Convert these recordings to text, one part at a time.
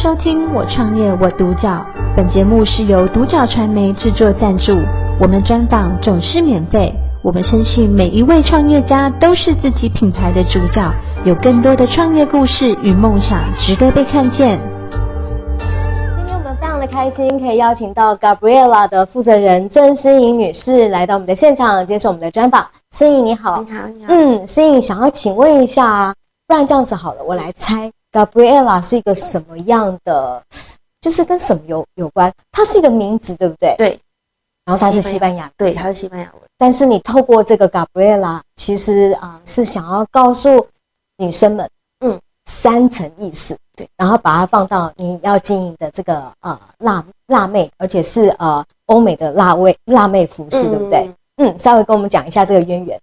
收聽我創業我獨角，本節目是由獨角傳媒制作贊助。我們專訪總是免費，我們深信每一位創業家都是自己品牌的主角，有更多的創業故事與夢想值得被看見。今天我們非常的開心，可以邀請到 Gabriela 的負責人鄭詩穎女士來到我們的現場，接受我們的專訪。詩穎你好，你好你好，嗯，詩穎想要請問一下，不然這樣子好了，我來猜。Gabriela 是一個什麼樣的？就是跟什麼有有關？它是一個名字，對不對？對。然後它是西班牙文，對，它是西班牙文。但是你透過這個 Gabriela，其實啊、呃，是想要告訴女生們，嗯，三層意思。對。然後把它放到你要經營的這個呃辣辣妹，而且是呃歐美的辣味辣妹服飾、嗯，對不對？嗯，稍微跟我們講一下這個淵源。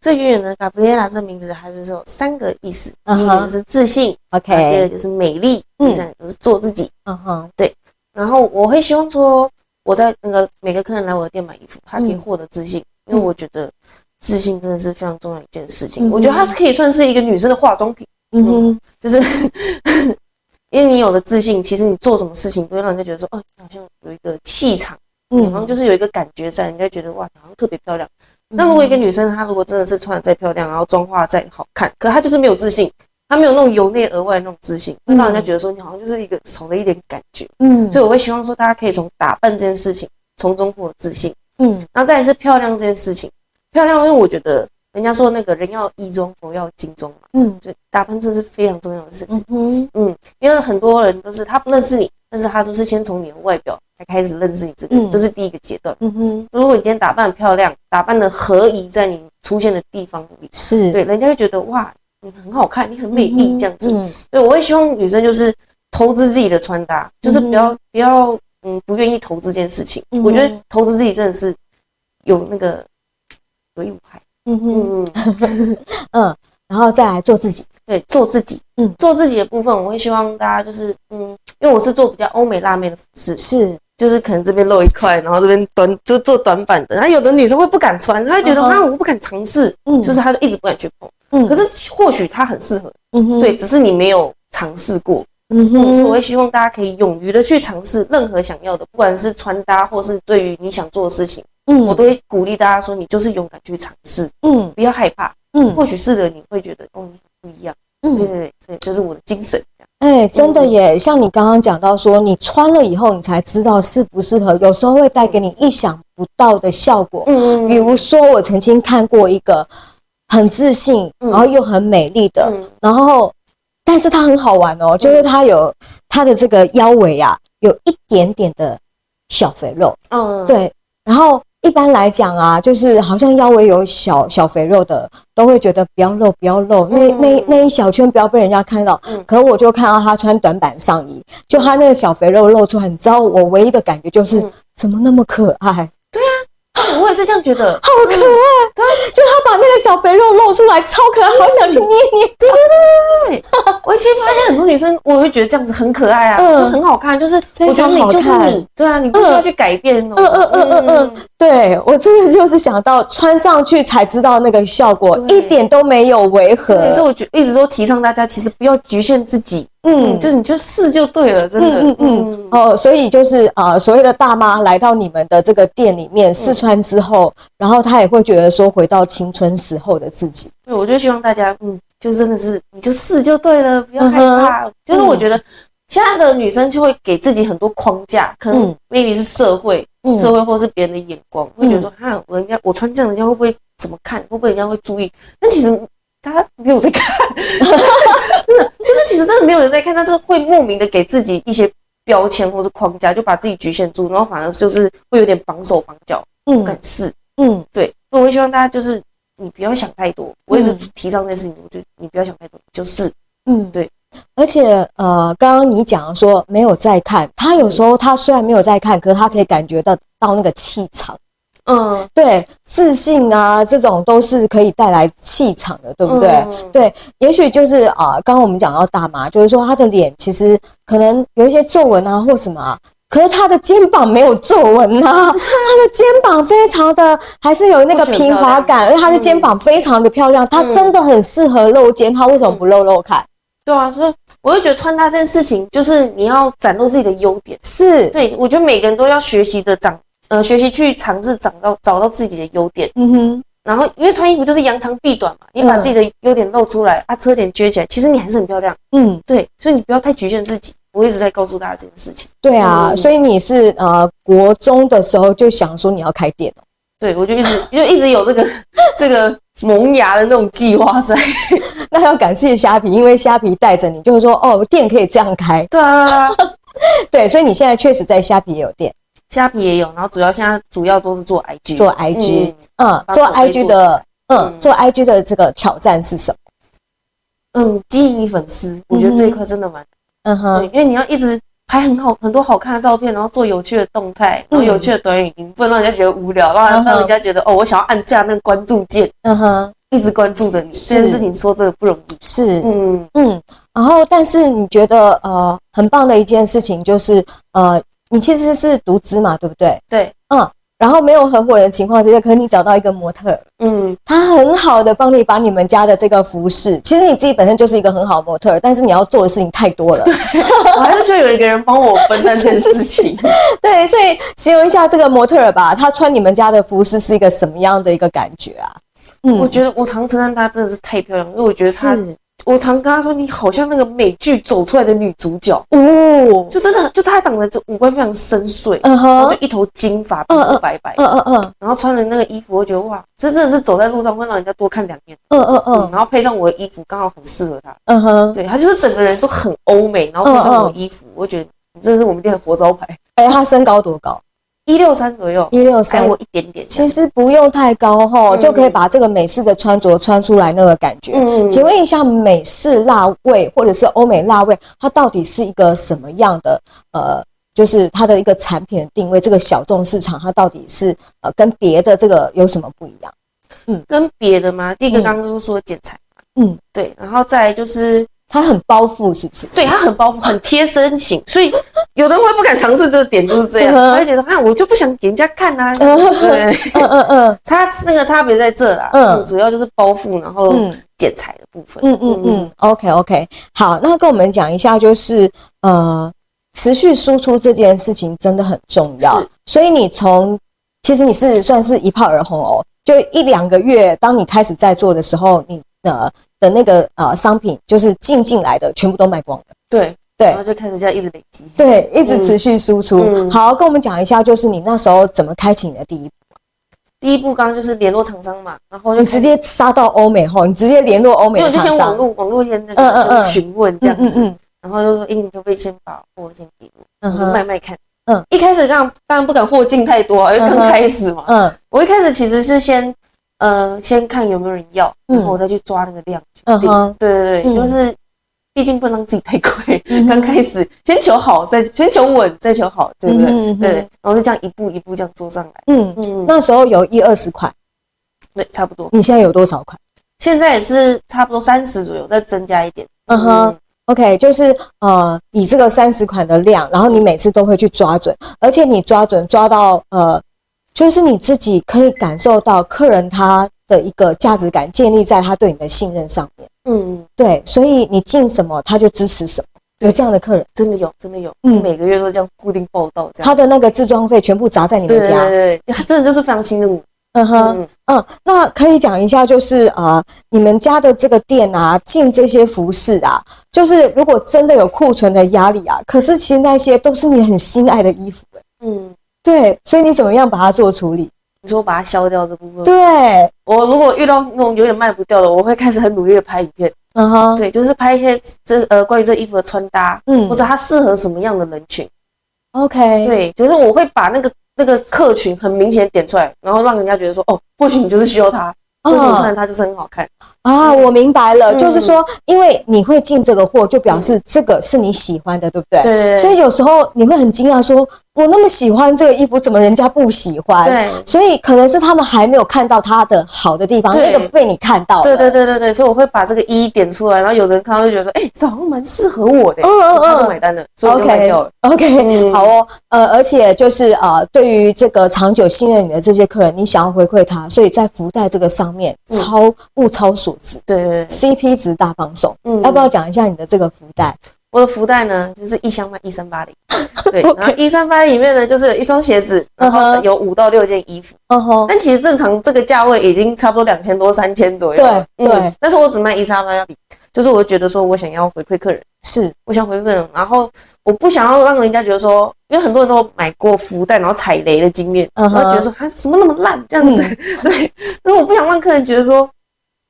最遠的 Gabriela 這個名字還是說三個意思，第、uh -huh. 一個是自信，OK，第二個就是美麗，第三就是做自己。嗯哼，對。然後我會希望說，我在那個每個客人來我的店買衣服，他可以獲得自信，uh -huh. 因為我覺得自信真的是非常重要一件事情。Uh -huh. 我覺得它是可以算是一個女生的化妝品。Uh -huh. 嗯，就是 因為你有了自信，其實你做什麼事情不會讓人家覺得說，哦、啊，好像有一個氣場，uh -huh. 好像就是有一個感覺在，人家覺得哇，好像特別漂亮。那如果一個女生、嗯、她如果真的是穿得再漂亮，然後妝化再好看，可她就是沒有自信，她沒有那種由內而外的那種自信，會讓人家覺得說，你好像就是一個少了一點感覺。嗯，所以我會希望說大家可以從打扮這件事情從中獲得自信。嗯，然後再是漂亮這件事情，漂亮，因為我覺得人家說那個人要衣裝，佛要金裝嘛。嗯，就打扮這是非常重要的事情。嗯嗯，因為很多人都是他不認識你，但是他都是先從你的外表。才開始認識你這個，這是第一個階段嗯。嗯哼，如果你今天打扮很漂亮，打扮的合宜在你出現的地方裡，是對，人家會覺得哇，你很好看，你很美麗這樣子。嗯，對、嗯，所以我會希望女生就是投資自己的穿搭，就是不要不要嗯不願意投資這件事情、嗯。我覺得投資自己真的是有那個有益無害。嗯哼嗯， 嗯，然後再來做自己。對，做自己。嗯，做自己的部分，我會希望大家就是嗯，因為我是做比較歐美辣妹的服飾，是。就是可能這邊露一塊，然後這邊短就做短板的，然後有的女生會不敢穿，她覺得啊我不敢嘗試，嗯、uh -huh.，就是她一直不敢去碰，嗯、uh -huh.，可是或許她很適合，嗯哼，對，只是你沒有嘗試過，嗯哼，所以我會希望大家可以勇於的去嘗試任何想要的，不管是穿搭或是對於你想做的事情，嗯、uh -huh.，我都會鼓勵大家說你就是勇敢去嘗試，嗯、uh -huh.，不要害怕，嗯、uh -huh.，或許試了你會覺得哦你很不一樣，嗯、uh -huh.，對對對，所以就是我的精神。哎，真的耶！像你剛剛講到說，你穿了以後，你才知道適不適合，有時候會帶給你意想不到的效果。嗯嗯，比如說我曾經看過一個很自信，然後又很美麗的，然後，但是她很好玩哦，就是她有她的這個腰圍啊，有一點點的小肥肉。嗯，對，然後。一般來講啊，就是好像腰圍有小小肥肉的，都會覺得不要露，不要露，那那那一小圈不要被人家看到。可我就看到他穿短版上衣，就他那個小肥肉露出來，你知道我，我唯一的感覺就是怎麼那麼可愛。我也是這樣覺得，好可愛、嗯！對，就他把那個小肥肉露出來，超可愛，好想去捏捏。對對對對，我其實發現很多女生，我會覺得這樣子很可愛啊，嗯、就很好看。就是我想你就是你對啊，你不需要去改變哦。嗯嗯嗯嗯嗯，對，我真的就是想到穿上去才知道那個效果，一點都沒有違和。所以，我一直都提倡大家，其實不要局限自己。嗯，嗯，就是你就試就對了，真的，嗯嗯，嗯哦，所以就是啊、呃，所謂的大媽來到你們的這個店裡面試穿之後、嗯，然後她也會覺得說回到青春時候的自己。對，我就希望大家，嗯，就真的是你就試就對了，不要害怕。嗯、就是我覺得現在、嗯、的女生就會給自己很多框架，可能 maybe 是社會、嗯、社會或是別人的眼光、嗯，會覺得說，哈、啊，人家我穿這樣，人家會不會怎麼看？會不會人家會注意？但其實。他沒有在看，真的就是其實真的沒有人在看，但是會莫名的給自己一些標籤或者框架，就把自己局限住，然後反而就是會有點綁手綁腳，嗯、不敢試。嗯，對。所以我會希望大家就是你不要想太多，嗯、我一直提倡這件事情，我就你不要想太多，就是。嗯，對。而且呃，剛剛你講說沒有在看，他有時候他雖然沒有在看，可是他可以感覺到到那個氣場。嗯，對，自信啊，這種都是可以帶來氣場的，對不對？嗯嗯，對，也許就是啊、呃，剛剛我們講到大媽，就是說她的臉其實可能有一些皺紋啊，或什麼啊，可是她的肩膀沒有皺紋啊， 她的肩膀非常的還是有那個平滑感，而且她的肩膀非常的漂亮，嗯、她真的很適合露肩，她為什麼不露露看？嗯、對啊，所以我就覺得穿搭這件事情，就是你要展露自己的優點，是對，我覺得每個人都要學習的長。呃，學習去嘗試找到找到自己的優點，嗯哼，然後因為穿衣服就是揚長避短嘛，你把自己的優點露出來，把、嗯啊、缺點遮起來，其實你還是很漂亮。嗯，對，所以你不要太局限自己，我一直在告訴大家這件事情。對啊，所以你是呃國中的時候就想說你要開店哦？對，我就一直就一直有這個 這個萌芽的那種計劃在。 那要感謝蝦皮，因為蝦皮帶着你就會，就是說哦，我店可以這樣開。對啊。對， 對，所以你現在確實在蝦皮也有店。蝦皮也有，然後主要現在主要都是做 IG，做 IG，嗯，嗯嗯做 IG 的做嗯，嗯，做 IG 的這個挑戰是什麼？嗯，經營粉絲，我覺得這一塊真的蠻，嗯哼，因為你要一直拍很好很多好看的照片，然後做有趣的動態，做、嗯、有趣的短影音不能讓人家覺得無聊，然後讓人家覺得、嗯、哦，我想要按下那個關注鍵，嗯哼，一直關注着你。這件事情說真的不容易，是，嗯是嗯，嗯。然後，但是你覺得呃很棒的一件事情就是呃。你其實是獨資嘛，對不對？對，嗯，然後沒有合夥人情況之下，可能你找到一個模特兒，嗯，他很好的幫你把你們家的這個服飾，其實你自己本身就是一個很好的模特兒，但是你要做的事情太多了。對， 我還是說有一個人幫我分擔這件事情。 對，所以形容一下這個模特兒吧，他穿你們家的服飾是一個什麼樣的一個感覺啊？嗯，我覺得我常常稱讚他真的是太漂亮，因為我覺得他是。我常跟他說：“你好像那個美劇走出來的女主角，哦，就真的，就她長得就五官非常深邃，嗯哼，就一頭金髮，白、uh -uh, 白白，嗯嗯嗯，然後穿的那個衣服，我覺得哇，這真的是走在路上會讓人家多看兩眼，嗯、uh、嗯 -uh, 嗯，然後配上我的衣服，剛好很適合她，嗯、uh、哼 -huh,，對她就是整個人都很歐美，然後配上我的衣服，uh -uh, 我覺得真的是我們店的活招牌。欸”哎，她身高多高？一六三左右，一六三我一點點，其實不用太高哈、嗯，就可以把這個美式的穿着穿出來那個感覺。嗯嗯，請問一下，美式辣味或者是歐美辣味，它到底是一個什麼樣的？呃，就是它的一個產品的定位，這個小眾市場它到底是呃跟別的這個有什麼不一樣？嗯，跟別的嗎？第一個剛剛就是說剪裁嘛，嗯，對，然後再來就是。它很包覆，是不是？對，它很包覆，很貼身型， 所以有的人會不敢嘗試，這個點就是這樣，我 會覺得，啊，我就不想給人家看啊。嗯嗯嗯，差 那個差別在這啦。 嗯，主要就是包覆，然後剪裁的部分。嗯嗯嗯，嗯，OK OK，好，那跟我們講一下，就是呃，持續輸出這件事情真的很重要。所以你從其實你是算是一炮而紅哦，就一兩個月，當你開始在做的時候，你呃。的那個呃商品就是進進來的全部都賣光了，對對，然後就開始這樣一直累積，對，一直持續輸出、嗯嗯。好，跟我們講一下，就是你那時候怎麼開啟你的第一步、啊、第一步剛剛就是聯絡廠商嘛，然後就你直接殺到歐美後，你直接聯絡歐美，因為就先網絡網絡先那個詢問這樣子嗯嗯嗯嗯，然後就說，哎，你可不可以先把貨先給我，我、嗯、賣賣看。嗯，一開始讓當然不敢貨進太多，因為剛開始嘛嗯。嗯，我一開始其實是先。嗯、呃，先看有沒有人要，然後我再去抓那個量，嗯哼，對對對，嗯、就是，畢竟不能自己太虧，剛、嗯、開始先求好，再先求穩，再求好，對不對？嗯、對、對、對，然後就這樣一步一步這樣做上來，嗯嗯，那時候有一二十款，對，差不多。你現在有多少款？現在也是差不多三十左右，再增加一點。嗯哼，OK，就是呃，以這個三十款的量，然後你每次都會去抓準，而且你抓準抓到呃。就是你自己可以感受到客人他的一個價值感建立在他對你的信任上面、嗯。嗯對，所以你進什麼他就支持什麼，有這樣的客人真的有，真的有。嗯，每個月都這樣固定報到這樣他的那個置裝費全部砸在你們家。對他真的就是非常信任你。嗯哼，嗯,嗯，嗯、那可以講一下，就是啊、呃，你們家的這個店啊，進這些服飾啊，就是如果真的有庫存的壓力啊，可是其實那些都是你很心愛的衣服，哎，嗯。對，所以你怎麼樣把它做處理？你說我把它消掉這部分。對，我如果遇到那種有點賣不掉的，我會開始很努力的拍影片。嗯哼，對，就是拍一些這呃關於這衣服的穿搭，嗯，或者它適合什麼樣的人群。OK，對，就是我會把那個那個客群很明顯點出來，然後讓人家覺得說，哦，或許你就是需要它，Uh-huh. 或許你穿它就是很好看。Uh-huh. 嗯、啊，我明白了、嗯，就是說，因為你會進這個貨，就表示這個是你喜歡的，對不對？對對對。所以有時候你會很驚訝說。我那麼喜歡這個衣服，怎麼人家不喜歡？對，所以可能是他們還沒有看到它的好的地方。那個被你看到了。對對對對對，所以我會把這個一點出來，然後有人看到就覺得說：“哎、欸，這好像蠻適合我的。”哦哦，哦，我 okay, 我 okay, okay, 嗯，買單的，所以都賣掉。OK，好哦。呃，而且就是啊、呃，對於這個長久信任你的這些客人，你想要回饋他，所以在福袋這個上面超、嗯、物超所值。對，對，對 CP 值大放送。嗯，要不要講一下你的這個福袋？我的福袋呢，就是一箱賣一三八零，對，Okay. 然後一三八零裡面呢，就是一雙鞋子，然後有五到六件衣服，哦吼。但其實正常這個價位已經差不多兩千多三千左右，對對。但、嗯、是我只賣一三八零，就是我就覺得說我想要回饋客人，是，我想回饋客人，然後我不想要讓人家覺得說，因為很多人都買過福袋然後踩雷的經驗，Uh-huh. 然後覺得說啊什麼那麼爛這樣子，嗯、對。但是我不想讓客人覺得說，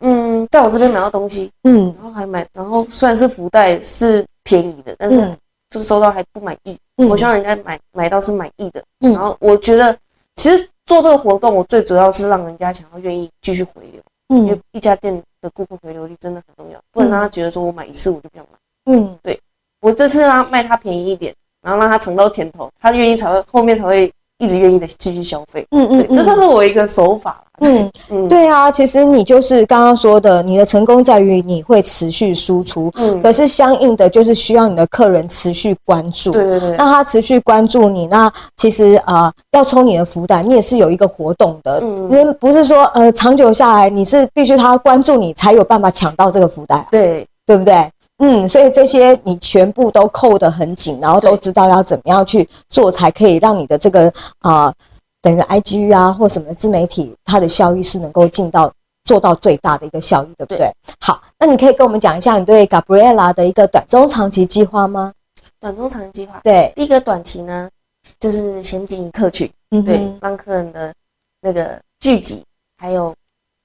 嗯，在我這邊買到東西，嗯，然後還買，然後雖然是福袋是。便宜的，但是就是收到還不滿意。嗯。我希望人家買買到是滿意的。嗯。然後我覺得，其實做這個活動，我最主要是讓人家想要願意繼續回流。嗯。因為一家店的顧客回流率真的很重要，不然讓他覺得說我買一次我就不想買。嗯，對我這次讓他賣他便宜一點，然後讓他嘗到甜頭，他願意才會後面才會。一直願意的繼續消費，嗯嗯，嗯，這算是我一個手法，嗯嗯，對啊，其實你就是剛剛說的，你的成功在於你會持續輸出，嗯，可是相應的就是需要你的客人持續關注，對對對、對，那他持續關注你，那其實啊、呃、要抽你的福袋，你也是有一個活動的，嗯，不是說呃，長久下來你是必須他關注你才有辦法搶到這個福袋，對，對不對？嗯，所以這些你全部都扣得很緊，然後都知道要怎麼樣去做，才可以讓你的這個、呃、IG 啊，等於 I G 啊或什麼的自媒體，它的效益是能夠盡到做到最大的一個效益，對不對？對好，那你可以跟我們講一下你對 Gabriela 的一個短中長期計劃嗎？短中長期計劃，對，第一個短期呢，就是先進客群，嗯，對，讓客人的那個聚集，還有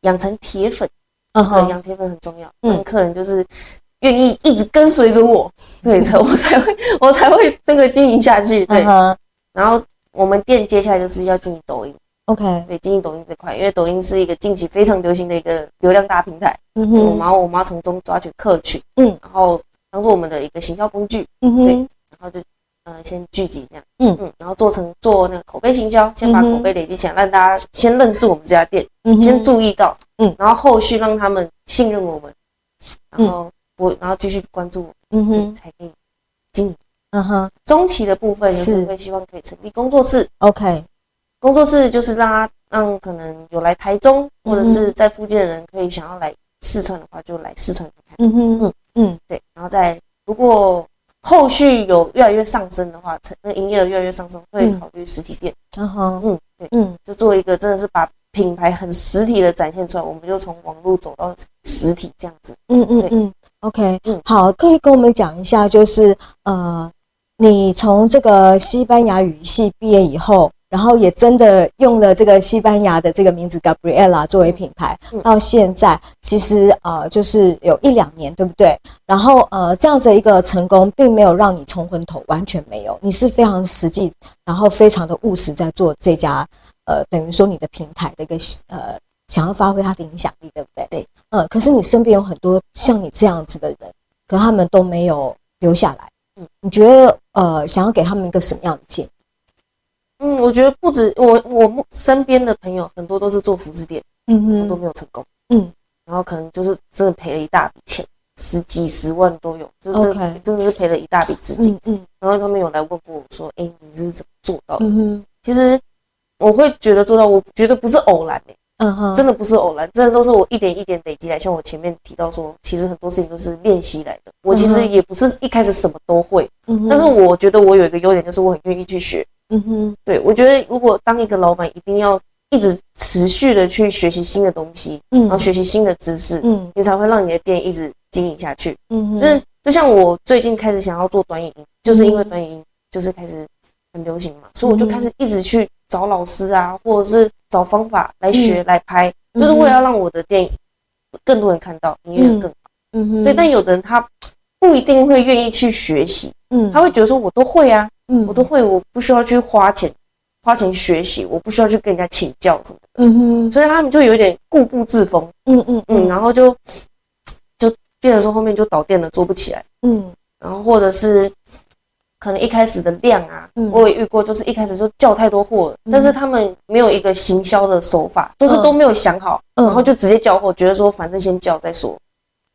養成鐵粉，嗯，養鐵粉很重要，嗯，讓客人就是。願意一直跟隨着我，對，才我才會，我才會那個經營下去，對。Uh -huh. 然後我們店接下來就是要經營抖音，OK，對，經營抖音這塊，因為抖音是一個近期非常流行的一個流量大平台。嗯，我媽然後我媽從中抓取客群，嗯、uh -huh.，然後當做我們的一個行銷工具，嗯、uh -huh. 然後就、呃，先聚集這樣，嗯、uh -huh. 嗯。然後做成做那個口碑行銷，先把口碑累積起來，uh -huh. 讓大家先認識我們這家店，uh -huh. 先注意到，嗯、uh -huh.。然後後續讓他們信任我們，然後。Uh -huh. 我然後繼續關注我，嗯哼，對才可以經營，嗯哼、嗯，中期的部分是會希望可以成立工作室，OK，工作室就是讓他，讓可能有來台中，嗯、或者是在附近的人，可以想要來四川的話，就來四川看看，嗯嗯嗯，對，然後再如果後續有越來越上升的話，成那營業額越來越上升，會考慮實體店，嗯哼，嗯對，嗯，就做一個真的是把品牌很實體的展現出來，我們就從網絡走到實體這樣子，嗯嗯對。嗯嗯 OK，嗯，好，可以跟我們講一下，就是呃，你從這個西班牙語系畢業以後，然後也真的用了這個西班牙的這個名字 Gabriela 作為品牌，嗯，到現在其實呃就是有一兩年，對不對？然後呃這樣子一個成功，並沒有讓你沖昏頭，完全沒有，你是非常實際，然後非常的務實，在做這家呃等於說你的平台的一個呃。想要發揮他的影響力，對不對？對，嗯。可是你身邊有很多像你這樣子的人，可是他們都沒有留下來。嗯，你覺得呃，想要給他們一個什麼樣的建議？嗯，我覺得不止我，我身邊的朋友很多都是做服飾店，嗯嗯，都沒有成功，嗯。然後可能就是真的賠了一大筆錢，十幾十萬都有，嗯、就，okay，就是真的是賠了一大筆資金，嗯，嗯。然後他們有來問過我說：“哎、欸，你是怎麼做到的？」嗯。其實我會覺得做到，我覺得不是偶然的、欸。真的不是偶然，真的都是我一點一點累積來。像我前面提到說，其實很多事情都是練習來的。我其實也不是一開始什麼都會，嗯、但是我覺得我有一個優點，就是我很願意去學。嗯哼，對，我覺得如果當一個老板，一定要一直持續的去學習新的東西，嗯，然後學習新的知識，嗯，你才會讓你的店一直經營下去。嗯哼，就是就像我最近開始想要做短影音，就是因為短影音就是開始很流行嘛，嗯、所以我就開始一直去。找老師啊，或者是找方法來學、嗯、來拍，就是為了讓我的電影更多人看到，影、嗯、院更好。嗯哼、嗯，對。但有的人他不一定會願意去學習，嗯，他會覺得說我都會啊，嗯、我都會，我不需要去花錢花錢學習，我不需要去跟人家請教什麼的，嗯哼、嗯。所以他們就有點固步自封，嗯嗯嗯，然後就就變成說後面就倒店了，做不起來，嗯，然後或者是。可能一開始的量啊，嗯、我也遇過，就是一開始就叫太多貨、嗯，但是他們沒有一個行銷的手法，就、嗯、是都沒有想好，嗯、然後就直接叫貨，覺得說反正先叫再說，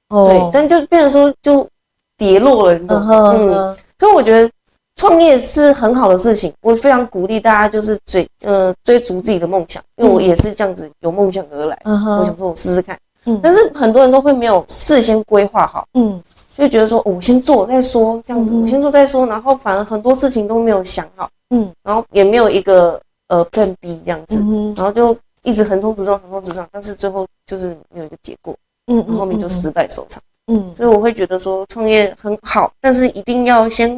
哦，對，但就變成說就跌落了，嗯哼、嗯嗯，所以我覺得創業是很好的事情，我非常鼓勵大家就是追，呃追逐自己的夢想，因為我也是這樣子有夢想而來、嗯，我想說我試試看、嗯，但是很多人都會沒有事先規劃好，嗯。就覺得說，哦、我先做再說，這樣子，嗯、我先做再說，然後反而很多事情都沒有想好，嗯，然後也沒有一個呃，plan B 這樣子，嗯，然後就一直橫衝直撞，橫衝直撞，但是最後就是沒有一個結果，嗯，然後，後面就失敗收場，嗯，所以我會覺得說創業很好、嗯，但是一定要先，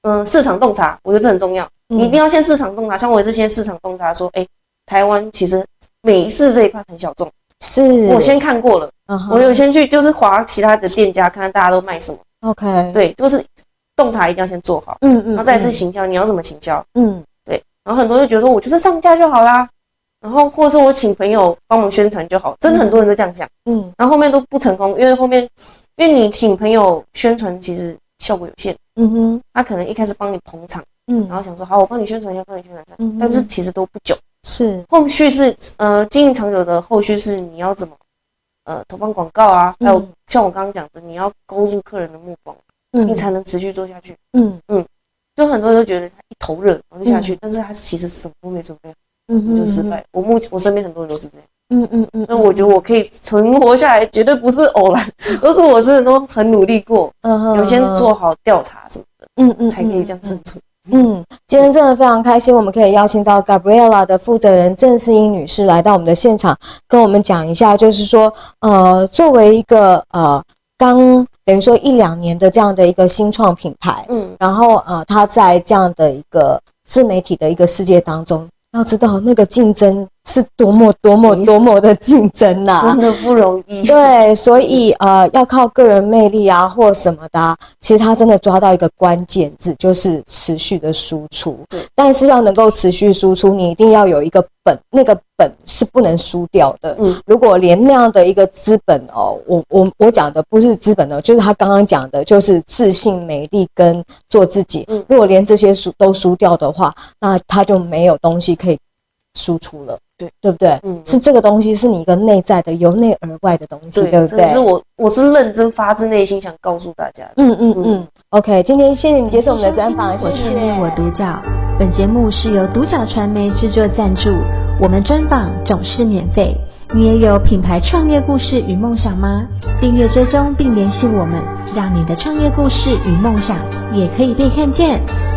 嗯、呃，市場洞察，我覺得這很重要，你一定要先市場洞察，嗯、像我也是先市場洞察，說，哎、欸，台灣其實美式這一塊很小眾。是我先看過了、uh -huh.，我有先去就是划其他的店家，uh -huh. 看看大家都賣什麼。OK，對，就是洞察一定要先做好。嗯嗯，然後再是行銷，uh -huh. 你要怎麼行銷？嗯、uh -huh.，對。然後很多人就覺得說，我就是上架就好啦，然後或者說我請朋友幫忙宣傳就好，真的很多人都這樣想。嗯、uh -huh.，然後後面都不成功，因為後面因為你請朋友宣傳，其實效果有限。嗯哼，他可能一開始幫你捧場，嗯、uh -huh.，然後想說好，我幫你宣傳一下，幫你宣傳一下。Uh -huh. 但是其實都不久。是後續是呃經營長久的後續，是你要怎麼呃投放廣告啊、嗯，還有像我剛剛講的，你要勾住客人的目光，你、嗯、才能持續做下去。嗯嗯，就很多人都覺得他一頭熱就下去、嗯，但是他其實什麼都沒準備，嗯，我就失敗、嗯嗯嗯。我目前我身邊很多人都是這樣，嗯嗯嗯。那、嗯、我覺得我可以存活下來，絕對不是偶然， 都是我真的都很努力過，有、嗯、先做好調查什麼的，嗯嗯，才可以這樣生存。嗯嗯嗯嗯嗯，今天真的非常開心，我們可以邀請到 Gabriela 的負責人鄭詩穎女士來到我們的現場，跟我們講一下，就是說，呃，作為一個呃剛等於說一兩年的這樣的一個新創品牌，嗯，然後呃，她在這樣的一個自媒體的一個世界當中，要知道那個競爭。是多麼多麼多麼的競爭吶、啊，真的不容易。對，所以呃，要靠個人魅力啊，或什麼的、啊。其實他真的抓到一個關鍵字，就是持續的輸出。對，但是要能夠持續輸出，你一定要有一個本，那個本是不能輸掉的。嗯。如果連那樣的一個資本哦，我我我講的不是資本哦，就是他剛剛講的，就是自信、美麗跟做自己。嗯。如果連這些輸都輸掉的話，那他就沒有東西可以輸出了。對對不對？嗯，是這個東西是你一個內在的，由內而外的東西，對，對不對？是我，我是認真發自內心想告訴大家的。嗯嗯嗯，嗯。OK，今天謝謝你接受我們的專訪，我創業我獨角，本獨角謝謝，本節目是由獨角傳媒制作贊助，我們專訪總是免費。你也有品牌創業故事與夢想嗎？訂閱追蹤並聯繫我們，讓你的創業故事與夢想也可以被看見。